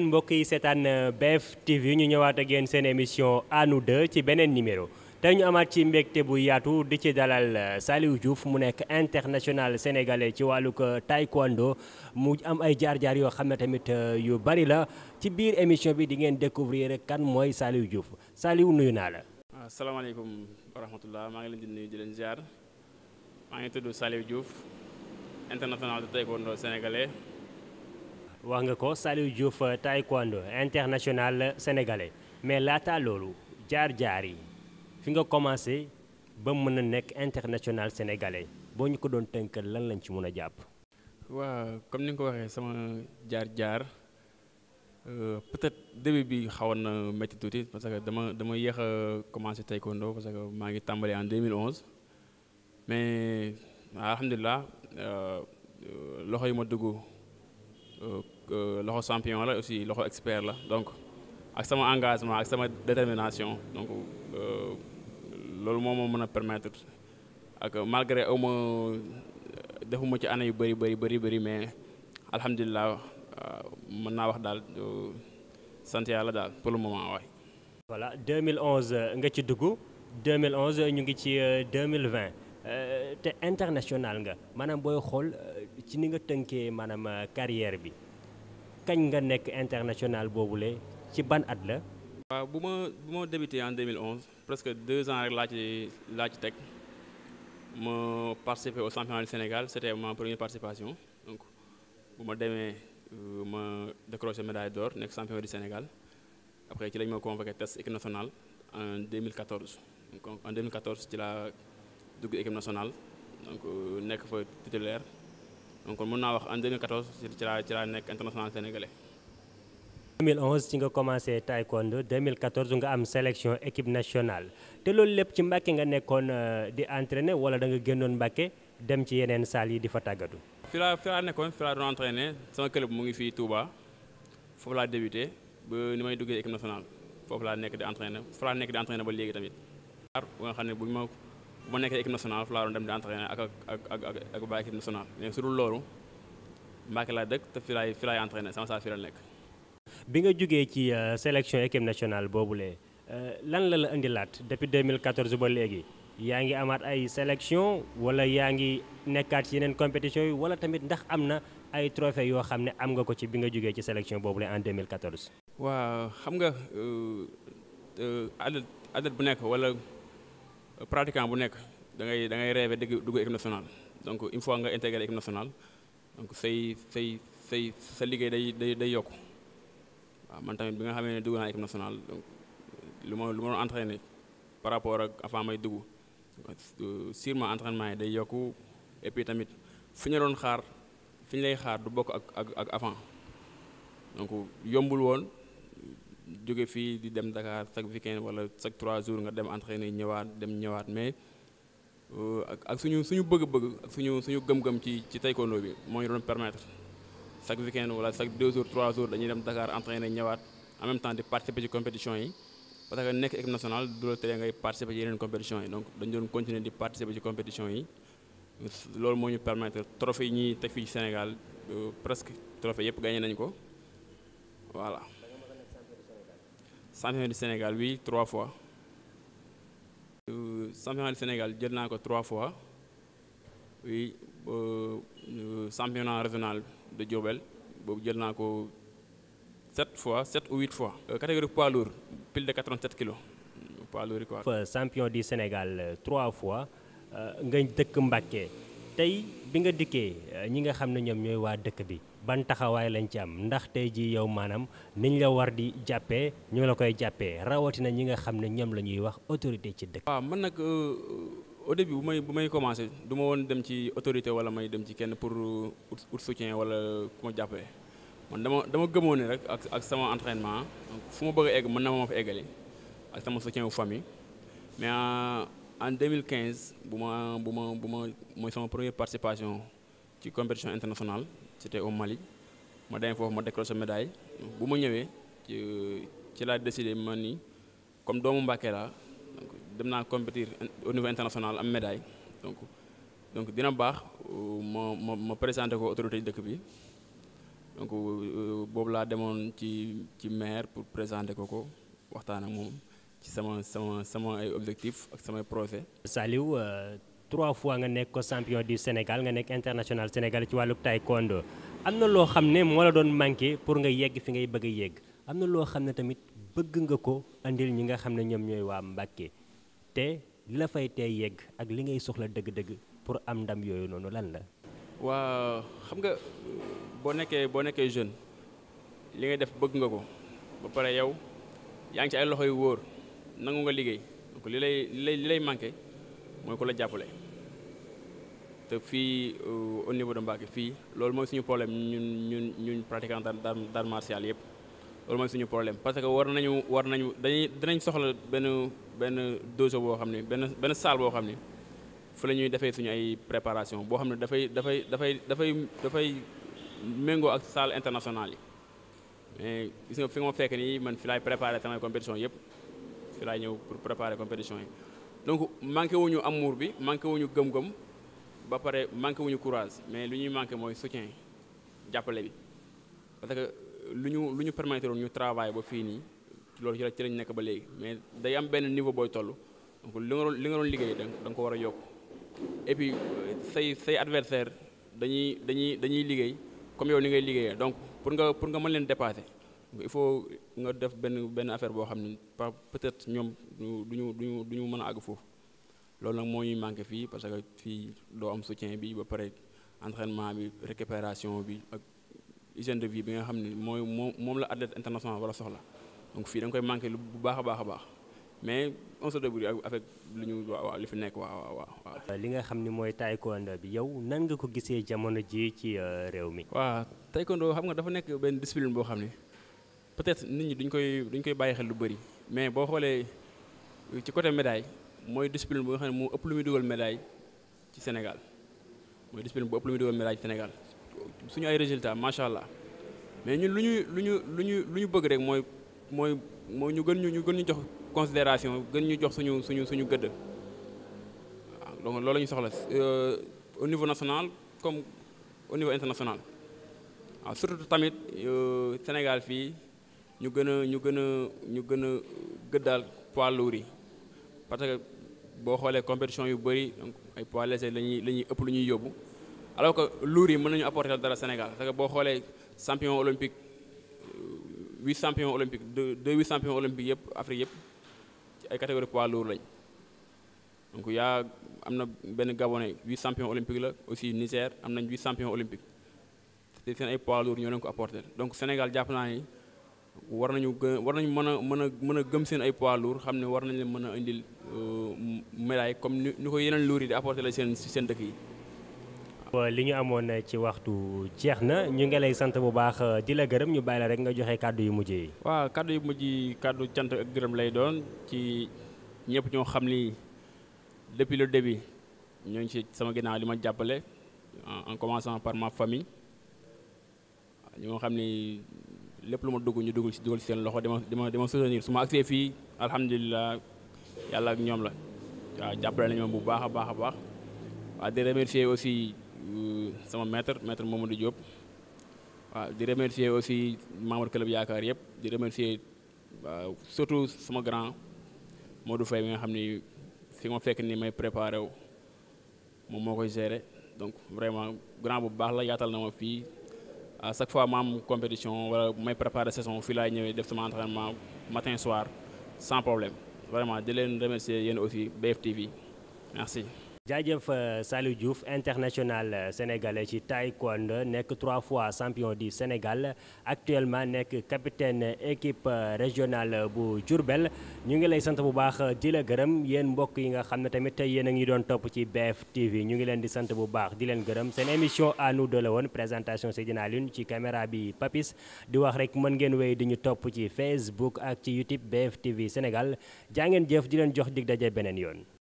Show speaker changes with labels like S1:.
S1: mbokk yi seetaan euh, BF TV ñu ñëwaat ak yéen seen émission à nous ci beneen numéro te ñu amaat ci mbégte bu yaatu di ci dalal euh, Saliou Diouf mu nekk international sénégalais ci wàllug euh, taekwondo mu am ay jaar-jaar yoo xam ne tamit yu bari la ci biir émission bi di ngeen découvrir kan mooy Saliou Diouf Saliou nuyu naa la.
S2: asalaamaaleykum ah, wa rahmatulah maa ngi leen di nuyu di leen ziar maa ngi tudd Saliou Diouf international de taekwondo sénégalais.
S1: wax nga ko Saliou Diouf taekwondo international sénégalais mais laata loolu jaar jar yi fi nga commencé ba mëna nek international sénégalais boo ñu ko doon tënkal lan lañ ci mëna japp
S2: wa comme ni nga ko waxee sama jar euh peut-être début bi xawoon na métti parce que dama dama yéex commencé taekwondo parce que m'a ngi tàmbali en 2011 mais alhamdulilah euh, euh yi ma dugg. Euh, euh, loxo champion là aussi loxo expert là donc ak sama engagement ak sama détermination donc euh, loolu moo ma mën permettre ak malgré aw ma defuma ci année yu bëri bëri bëri bëri mais alhamdulilah mën naa wax daal sant yàlla daal pour le moment waay.
S1: voilà 2011 nga ci dugg 2011 ñu ngi ci 2020 te international nga maanaam booy xool ci ni nga euh, carrière bi international
S2: débuté en 2011 presque deux ans rek l'Architecte. ci participé au championnat du Sénégal c'était ma première participation donc bu ma euh, médaille d'or nekk champion du Sénégal après ci lañ ma convoqué test équipe nationale en 2014 donc en 2014 ci la dugg équipe nationale donc euh, nekk fa titulaire donc mën naa wax en 2014 ci laa ci laa nekk international sénégalais.
S1: 2011 ci nga commencé taekwondo 2014 nga am sélection équipe nationale te loolu lépp ci Mbàkke nga nekkoon euh, di entraîner wala da nga génnoon Mbàkke dem ci yeneen salle yi di fa tàggatu.
S2: fi laa fi laa nekkoon fi laa doon entraîner sama club mu ngi fii Touba foofu laa débuté ba ni may équipe nationale foofu laa nekk di entraîner foofu laa nekk di entraîner ba léegi tamit. bu nga xam ne ma bu ma nekkee équipe nationale fu laa doon dem di entraîner ak ak ak ak ba équipe nationale mais su dul loolu Mbàkke laa dëkk te fi laay fi sama saa la nekk.
S1: bi nga jógee ci euh, sélection équipe nationale boobulee euh, lan la la indilaat depuis 2014 ba léegi yaa ngi amaat ay sélection wala yaa ngi nekkaat ci yeneen compétition yi wala tamit ndax am na ay trophée yoo xam ne am nga ko ci bi nga jógee ci sélection boobule en 2014.
S2: waaw xam nga euh, athlète bu nekk pratiquant bu nekk da ngay da ngay rêver dëgg dugg équipe nationale donc une nga intégré équipe nationale donc say say say sa liggéey day day day yokku waaw man tamit bi nga xamee ne dugg naa équipe lu ma lu ma doon entraîné par rapport ak avant may dugg sûrement entraînement yi day yokku et tamit fi ñu doon xaar fi ñu lay xaar du bokk ak ak ak avant donc yombul woon. jóge fii di dem Dakar chaque weekend wala chaque trois jours nga dem entraîner ñëwaat dem ñëwaat mais euh, ak ak suñu suñu bëgg-bëgg ak suñu suñu gëm-gëm ci ci taekwondo bi moo ñu doon permettre chaque weekend wala chaque deux jours trois jours dañuy dem Dakar entraîner ñëwaat en même temps di participer ci compétition yi parce que nekk équipe nationale du la tere ngay participer ci yeneen compétition yi donc dañu doon continuer di participer ci compétition yi loolu moo ñu permettre trophée yi ñuy teg fii Sénégal euh, presque trophée yëpp gagné nañ ko voilà. champion du Sénégal oui, trois fois euh, champion du Sénégal jël naa trois fois oui euh, championnat régional de Diobel, j'ai jël sept fois sept ou huit fois euh, catégorie poids lourd pile de 87 kilos poids lourd quoi
S1: champion du Sénégal trois fois nga dëkk tey bi nga dikkee eh, ñi nga xam ne ñoom ñooy waa dëkk bi ban taxawaay lañ ci am ndax tey jii yow maanaam niñ la war di jàppee ñu la koy jàppee rawatina ñi nga xam ne ñoom la ñuy wax autorité ci dëkk.
S2: waaw man nag euh, au début bu may bu may commencé du ma woon dem ci autorité wala may dem ci kenn pour out euh, soutien wala ku ma jàppale man dama dama gëmoon ne rek ak ak sama entraînement fu ma bëgg a egg mën na ma fa eggale ak sama soutien wu famille euh, en 2015 bu ma première participation à la compétition internationale c'était au Mali Je décroche une médaille Je suis suis ci décidé de comme doomu mon donc compétir au niveau international en médaille donc donc dina de ma présenté ko autorité de bi donc suis euh, le maire pour présenter ko ko ci sama sama sama ay objectif ak samay projet.
S1: Saliou euh, trois fois nga nekk ko champion du Sénégal nga nekk international Sénégal ci wàllu tay taekwondo am na loo xam ne moo la doon manqué pour nga yegg fi ngay bëgg yegg am na loo xam ne tamit bëgg nga ko andil ñi nga xam ne ñoom ñooy waa Mbàkke te li la fay tee yegg ak li ngay soxla dëgg-dëgg pour am ndam yooyu noonu lan la.
S2: waa xam nga boo nekkee boo nekkee jeune li ngay def bëgg nga ko ba pare yow nangu nga liggéey donc li lay li lay manqué mooy ko la jàppale te fii euh, au niveau de Mbacké fii loolu mooy suñu problème ñun ñun ñun pratiquant dans dans martial yëpp loolu mooy suñu problème parce que war nañu war nañu dañuy dinañ soxla benn benn dojo boo xam ne benn benn salle boo xam ne fu la ñuy defee suñu ay préparation boo xam ne dafay dafay dafay dafay dafay méngoo ak salle internationale yi mais gis nga fi nga ma fekk nii man fi laay préparé samay compétition yëpp laay ñëw pour préparer compétition yi donc manqué am muur bi manqué wuñu gëm-gëm ba pare manqué wuñu courage mais lu ñuy manqué mooy soutien jàppale bi parce que lu ñu lu ñu permettre woon ñu travail ba fii nii loolu ci la ci lañ nekk ba léegi mais day am benn niveau booy toll donc li nga doon li nga doon liggéey da nga ko war a yokk et say say adversaire dañuy dañuy dañuy liggéey comme yow ni ngay liggéeyee donc pour nga pour nga mën leen dépasser il faut nga def ben ben affaire bo xamni peut-être ñom duñu duñu duñu mëna ag àgg lool nak moy manké fi parce que fi do am soutien bi ba paré entraînement bi récupération bi ak hygiène de vie bi nga xamni moy mom la athlète international wala soxla donc fi dang koy manké lu bu baaxa a baax mais on se débrouille avec li ñu waaw li fi nek wa wa wa li nga xamni moy
S1: taekwondo bi yow nan nga ko gisee
S2: jamono ji ci euh, réew mi. wa taekwondo xam nga dafa nek ben discipline bo xamni peut-être nit ñi duñ koy duñ koy bàyyi xel lu bëri mais boo xoolee ci côté médaille mooy discipline bu nga xam ne moo ëpp lu muy dugal médaille ci Sénégal mooy discipline bu ëpp lu muy dugal médaille ci Sénégal suñu ay résultats macha allah mais ñun lu ñu lu ñu lu ñu lu ñu bëgg rek mooy mooy mooy ñu gën ñu ñu gën ñu jox considération gën ñu jox suñu suñu suñu gëdd. donc loolu la ñu soxla euh, au niveau national comme au niveau international waaw surtout tamit euh, Sénégal fii. ñu gën a ñu gën a ñu gën a gëddaal poids lourds yi parce que boo xoolee compétition yu bëri donc ay pois légers lañuy la ñuy ëpp lu ñuy yóbbu alors que lour yi mën nañu apporter dara Sénégal parce que boo xoolee champion olympique euh, huit champion olympique deux huit champion olympique yëpp Afrique yëpp ci ay catégorie poids lourds lañ donc yaa am na benn gabonais huit champion olympique la aussi Niger am nañ huit champion olympique te seen ay poids lourds ñoo leen ko apporter donc Sénégal jàpp war nañu gën war nañu mën a mën a mën a gëm seen ay poids lourds xam ne war nañ leen mën a indil euh, médaille comme ni ni ko yeneen lourds yi di apporter la seen si seen dëkk yi.
S1: li ñu amoon na euh, ci waxtu jeex na ñu ngi sant bu baax euh, di la gërëm ñu bàyyi la rek nga joxe kàddu yu mujj
S2: yi. waaw kàddu yu mujj yi kàddu cant ak gërëm lay doon ci ñëpp ñoo xam ni depuis le début ñoo ngi ci sama ginnaaw li ma jàppale en commençant par ma famille ñoo xam ni. lépp lu ma dugg ñu dugg si dugal si seen loxo dama dama dama soutenir su ma agsee fii alhamdulilah yàlla ak ñoom la waaw jàppale nañu moom bu baax a baax a baax waaw di remercier aussi euh, sama maître maître Momadou Diop waaw di remercier aussi membre club yaakaar yëpp di remercier surtout sama grand Modou Faye mi nga xam ni fi ma fekk ni may préparé wu moom moo koy gérer donc vraiment grand bu baax la yaatal na ma fii à chaque fois ma compétition je prépare la saison suis là entraînement matin soir sans problème vraiment je aussi BFTV merci.
S1: jaajëf euh, Saliou Diouf international euh, sénégalais ci taekwondo nekk trois fois champion du Sénégal actuellement nekk capitaine équipe euh, régional bu jurbel ñu ngi lay sant bu baax di la gërëm yéen mbokk yi nga xam ne tamit yéen a ngi doon topp ci BFTV ñu ngi leen di sant bu baax di leen gërëm seen émission à nous de la woon présentation Seydina Alioune ci caméra bi Papis di wax rek mën ngeen wéy di ñu topp ci Facebook ak ci YouTube BFTV Sénégal jaa ngeen jëf di leen jox dig daje beneen yoon.